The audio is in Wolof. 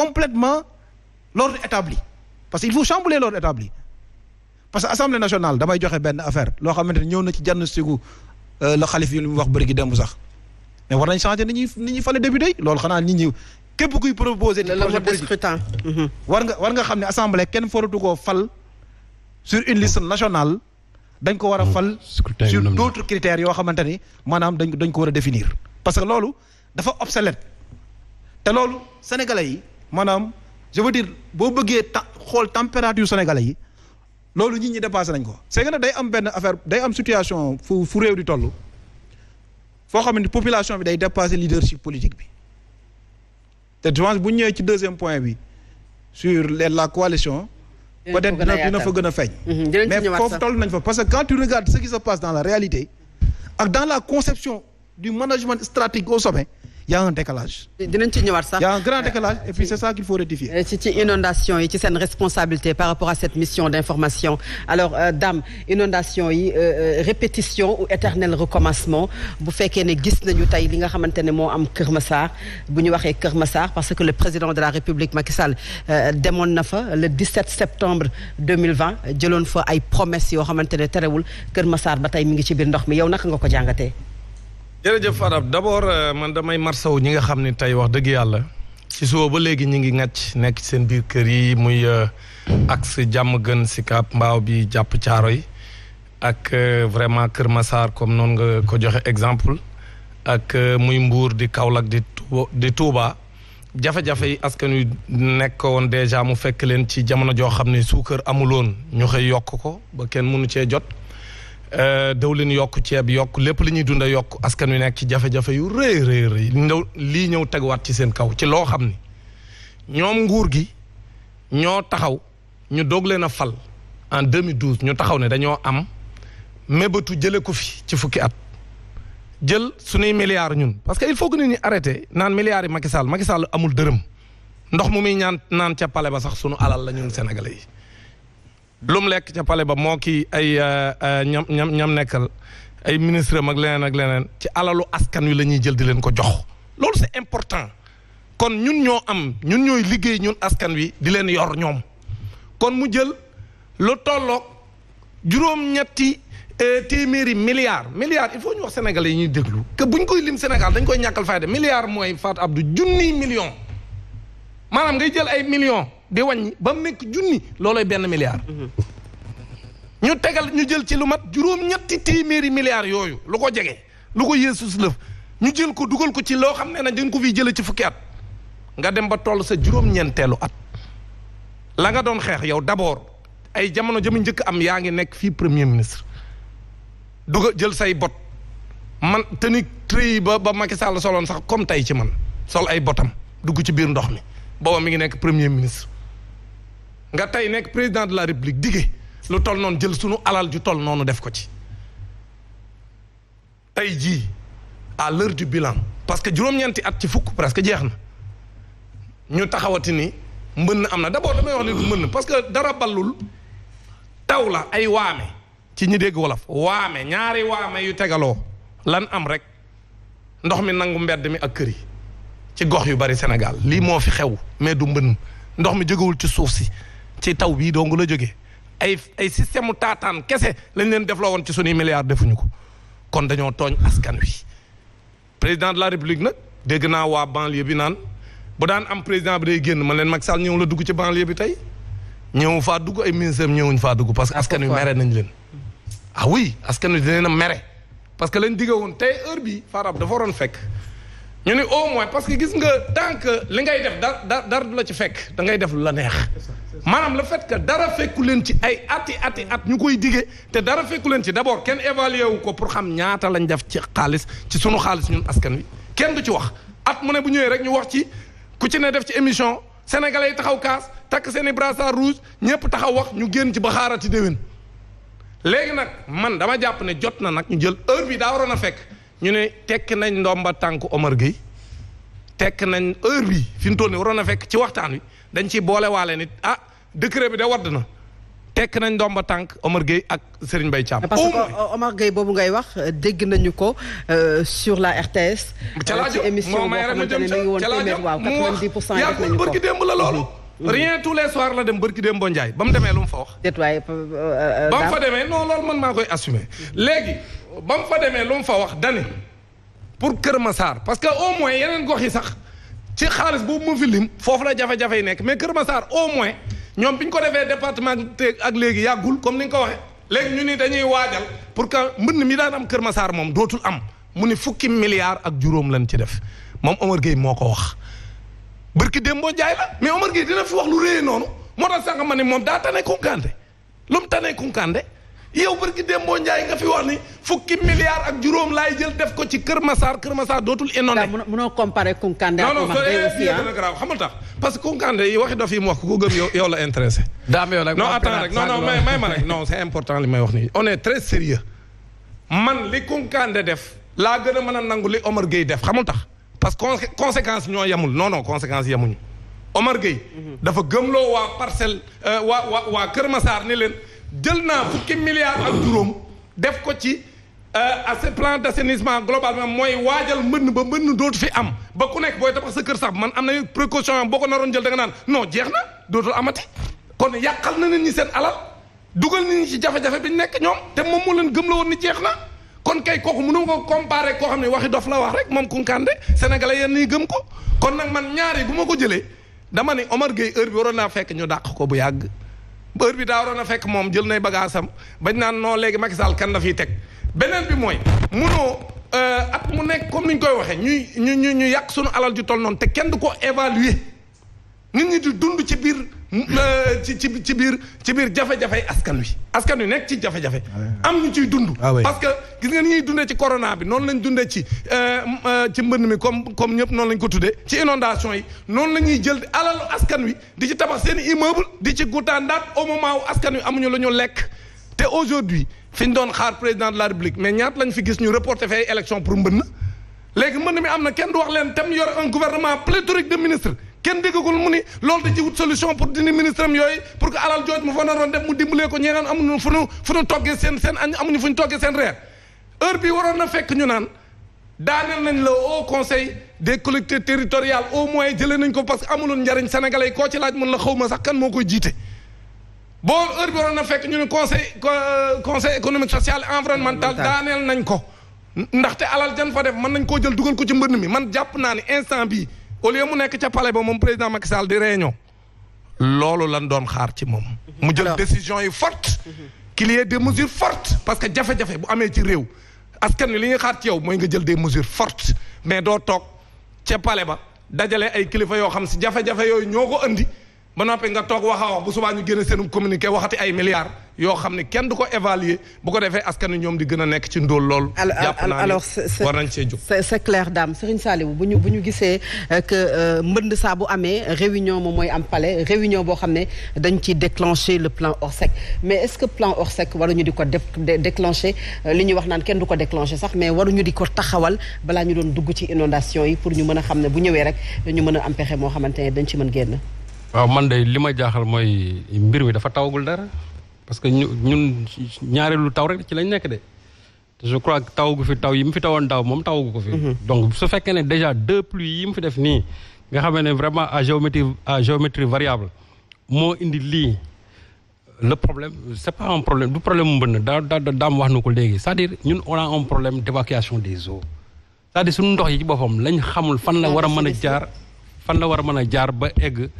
complètement l'ordre établi parce que il faut chambouler l'ordre établi parce que assemblée nationale damay joxe benn affaire loo xamante ni ñëw na ci jann sigu euh, xalif yi lu mu wax bëri gi dem sax mais war nañ changer ni ñuy ni ñuy fale député loolu xanaa nit ñi képp kuy proposé. ci projet politique mhm. war nga war nga xam ne assemblée kenn foratu koo fal sur une liste nationale. dañ ko war a mm. fal sur d' autres critères yoo xamante ni maanaam dañ dañ ko war a définir. parce que loolu dafa obsolète te loolu sénégalais yi maanaam je veux dire boo bëggee ta xool température sénégalais yi loolu nit ñi dépassé nañ ko se que a day am benn affaire day am situation fu fu réew di toll foo xam ne population bi day dépassé leadership politique bi te je bu ñëwee ci deuxième point bi sur les la coalition peut-être dina fa gën a feeñ mhm, mais foofu toll nañ fa parce que quand tu regardes ce qui se passe dans la réalité ak dans la conception du management stratégique au sommet y a dinañ ci ñëwaat sax. y a un grand décalage et euh, ci inondation yi ci seen responsabilité par rapport à cette mission d'information alors euh, Dame inondation yi euh, répétition ou éternel recommencement bu fekkee ne gis nañu tey li nga xamante ne moo am Kër Massar bu ñu waxee Kër Massar parce que le président de la République Macky Sall demoon na fa le 17 septembre 2020 jëloon fa ay promesses yoo xamante ne terewul Kër Massar ba tey mu ngi ci biir ndox mi yow naka nga ko jàngatee. jërëjëf Arab d'abord euh, man damay marsaw ñi nga xam ne tey wax dëgg yàlla ci suba ba léegi ñu ngi ŋàcc nekk seen biir kër yi muy euh, axe jàmm gën si Kaap Mbaaw bi jàpp caaro yi ak euh, vraiment Kër masaar comme noonu nga ko joxe exemple ak muy Mbuur di Kaolack di tuubaa Touba jafe-jafe yi askan wi nekk woon déjà mu fekk leen ci jamono joo xam ne suukar amuloon ñu xëy yokk ko ba kenn munu cee jot Euh, dawlin yokk ceeb yokk lépp li ñuy dunda yokk askan wi nekk ci jafe-jafe yu rëy rëy lii ñëw teguwaat ci seen kaw ci loo xam ni ñoom nguur gi ñoo taxaw ñu doog leen a fal en 2012 ñu taxaw ne dañoo am mébatu jële ko fi ci fukki at jël suñuy milliards ñun parce que il faut que nit ñi arrêté naan milliards yi Macky Sall Sall amul dërëm ndox mu muy ñaan naan ca pale ba sax sunu alal lañu senegale yi lu mu lekk ca pale ba moo kii ay euh, euh, ñam ñam ñam nekkal ay ministre mag leneen ak leneen ci alalu askan wi la ñuy jël di leen ko jox loolu c'est important kon ñun ñoo am ñun ñooy liggéey ñun askan wi di leen yor ñoom kon mu jël lu tolloo juróom-ñetti euh, téeméeri milliards milliards il faut ñu wax sénégalais yi ñuy déglu que buñ koy lim Sénégal dañ koy ñàkkal fayda milliards mooy Fatou Abdou junniy million maanaam ngay jël ay millions. di wàññi ba mu nekk junni loolooy benn milliard. ñu tegal ñu jël ci lu mat juróom-ñetti téeméeri milliards yooyu lu ko jege lu ko yeesu si lëf ñu jël ko dugal ko ci loo xam ne nag dañ ko fiy jëlee ci fukki at nga dem ba toll sa juróom-ñeenteelu at la nga doon xeex yow d'abord ay jamono jëmu njëkk am yaa ngi nekk fii premier ministre dugal jël say bot man tenue tri ba ba Macky Sall soloon sax comme tey ci man sol ay botam dugg ci biir ndox mi booba mi ngi nekk premier ministre nga tey nekk président de la république dige lu toll noonu jël sunu alal ju toll noonu def ko ci tey jii à leur du bilan parce que juróom-ñeenti at ci fukk presque jeex na ñu taxawati ni mbënn am na d'abord damay wax ni du mbënn parce que dara ballul taw la ay waame ci ñi dégg wolof waame ñaari waame yu tegaloo lan am rek ndox mi nangu mbedd mi ak kër yi ci gox yu bari Sénégal lii moo fi xew mais du mbënn ndox mi jógewul ci suuf si ci taw bii dong la jógee ay ay système mu taataan kese lañ leen defloo woon ci sunuy milliards defuñu ko kon dañoo tooñ askan wi. président de la république nag dégg naa waa banlieue bi naan bu daan am président bi day génn man leen mag Sall ñëw la dugg ci banlieue bi tey ñëw faa dugg ay ministres ñëwuñ faa dugg parce que askan wi mere nañ leen. ah oui askan wi dinañ a mere parce que lañ digge woon tey heure bii Farab dafa waroon fekk ñu ni au moins parce que gis nga tant que li ngay def dar dar la ci fekk da ngay def la neex. maanaam la fait dara fekku leen ci ay ati ati at ñu koy digee te dara fekku leen ci d' abord kenn évalué wu ko pour xam ñaata lañ def ci xaalis ci sunu xaalis ñun askan wi kenn du ci wax at mu ne bu ñëwee rek ñu wax ci ku ci ne def ci émission sénégalais yi taxaw kaas takk seen i brassard rouge ñëpp taxaw wax ñu génn ci ba xaarati déwén léegi nag man dama jàpp ne jot na nag ñu jël heure bi daa waroon a fekk ñu ne tekki nañ ndomba tànku Omar Gueye tekk nañ heure bi fi mu toll waroon a fekk ci waxtaan wi dañ ciy boolewaale nit ah décret bi de wadd na tekk nañ ba tànk Omar Gueye ak Serigne Mbaye Thiam. parce que oh Omar boobu ngay wax dégg nañu ko euh, sur la RTS. ca laa euh, jëm moom may rek jëm ca laa jëm waaw 90 pour cent def nañu ko bërki la loolu. Mm-hmm. rien tous les soirs la dem bërki démb boo Njaay ba mu demee lu mu fa wax. Euh, ba mu fa demee non loolu man maa koy assumer léegi ba mu fa demee lu mu fa wax dani pour Kër saar parce que au moins yeneen gox yi sax ci xaalis boobu mu fi lim foofu la jafe-jafe yi nekk mais Kër Massar au moins. ñoom bi ko defee département ak léegi yàggul comme ni nga ko waxee léegi ñu nii dañuy waajal pour que mbënn mi daan am Kër Masaar moom dootul am mu ni fukki milliards ak juróom lañ ci def moom Omar Gueye moo ko wax. barki Demba Ndiaye la mais Omar Gueye dina fi wax lu rëy noonu moo tax sax ma ne moom daa tane Kounkandé lu mu tane Kounkandé yow barki Dembo Ndiaye nga fi wax ni fukki milliards ak juróom laay jël def ko ci Kër Massar Kër Massar dootul inondé. waaw munoo comparer Koukandé ak Koumba Gueye aussi ah. que Koukandé yi waxi dof yi mu la intéressé. def laa gën a mën a nangu li Omar Gueye def xamul tax parce que conséquence ñoo yamul non non conséquence yamuñu Omar Gueye. dafa gëmloo waa parcelle euh, waa waa waa Kër Massar ni leen. jël naa fukki milliards ak juróom def ko ci à euh, ce plan de assainissement globalement mooy waajal mbënn ba mbënn dootu fi am ba nekk booy tabax sa kër sax man am na précaution am naroon jël da nga naan non jeex na dootul amati kon yàqal na nit ñi seen alal dugal nit ñi ci jafe-jafe ñu nekk ñoom te moom moo leen gëm la woon ni jeex na kon kay kooku mënu ko comparé koo xam ne waxi dof la wax rek moom Kounkandé sénégalais yéen ñi gëm ko kon nag man ñaari bu ma ko jëlee dama ne Omar Gueye heure bi waroon naa fekk ñu dàq ko bu yàgg ba heure bi daa waroon a fekk moom jël nay bagaasam bañ naan non léegi Macky Sall kan la teg beneen bi mooy munoo euh, at mu nekk comme ni koy waxee ñuy ñu ñu ñu yàq suñu alal ju toll noonu te kenn du ko évaluer nit ñi di dund ci ci ci ci biir ci biir jafe-jafey askan wi askan wi nekk ci jafe-jafe ah am ñu ciy dund ah parce que gis nga ni ñuy dundee ci corona bi noonu lañ dundee ci euh, euh, ci mbënn mi comme comme ñëpp noonu lañ ko tuddee ci inondation yi noonu la ñuy jël alalu askan wi di ci tabax seen immeuble di ci gutaandaat au moment wu askan wi amuñu la ñu lekk te aujourd'hui fi ñu doon xaar président de la république mais ñaat lañ fi gis ñu reporté fay élection pour mbënn léegi mbënn mi am na kenn du wax leen tam yor un gouvernement pléthorique de ministres kenn déggagul mu ni loolu da ci wut solution pour dindi ministre yooyu pour que alal jooj mu fa naroon def mu dimbalee ko ñi nga amuñu fu ñu fu ñu toggee seen seen añ amuñu fu ñu toggee seen reer heure bi waroon na fekk ñu naan daaneel nañ la au conseil des collectivités territoriales au moins jëlee nañ ko parce que amuloon njariñ sénégalais koo ci laaj mun la xaw ma sax kan moo koy jiite boo heure bi waroon na fekk ñu ne conseil euh, conseil économique social et environnemental daaneel nañ ko ndaxte alal jan fa mën nañ koo jël dugal ko ci mbënn mi man jàpp naa ni instant bii au lieu mu nekk ca pale ba moom président Macky Sall di réunion loolu lan doon xaar ci moom. mu jël décision yi forte. qu'il y ait des mesures fortes parce que jafe-jafe bu amee ci réew askan wi li ñuy xaar ci yow mooy nga jël des mesures fortes mais doo toog ce pale ba dajale ay kilifa yoo xam si jafe-jafe yooyu ñoo ko andi. ba noppi nga toog wax a wax bu subaa ñu génne seen communiqué waxati ay milliards yoo xam ne kenn du ko évaluer bu ko defee askan wi ñoom di gën a nekk ci ndóol lool. jàpp naa alors war nañ cee jóg c'est clair dame bu ñu bu ñu gisee euh, que euh, mbënd saa bu amee réunion moom mooy am palais réunion boo xam ne dañ ciy déclencher le plan Orsec mais est-ce que plan Orsec ñu di ko déclencher euh, li ñu wax naan kenn du ko déclencher sax mais waruñu di ko taxawal balaa ñu doon dugg ci inondation yi pour ñu mën a xam ne bu ñëwee rek ñu mën a am pexe moo xamante ne dañ ci mën génn. waaw man de li ma jaaxal mooy mbir mi dafa tawagul dara parce que ñu ñun ñaareelu taw rek ci lañ nekk de je crois que tawagu fi taw yi mu fi tawoon taw moom tawagu ko fi. Mhm. donc su fekkee ne déjà deux plus yi mu fi def nii nga xam ne vraiment à géométrie à variable moo indi lii le problème c'est pas un problème du problème mu mbënn daa daa daam wax nu ko léegi c'est-à-dire ñun on un problème d'évacuation des eaux c'est-à-dire suñu ndox yi ci boppam lañ xamul fan la ah, war a mën a jaar fan la war a mën a jaar ba egg.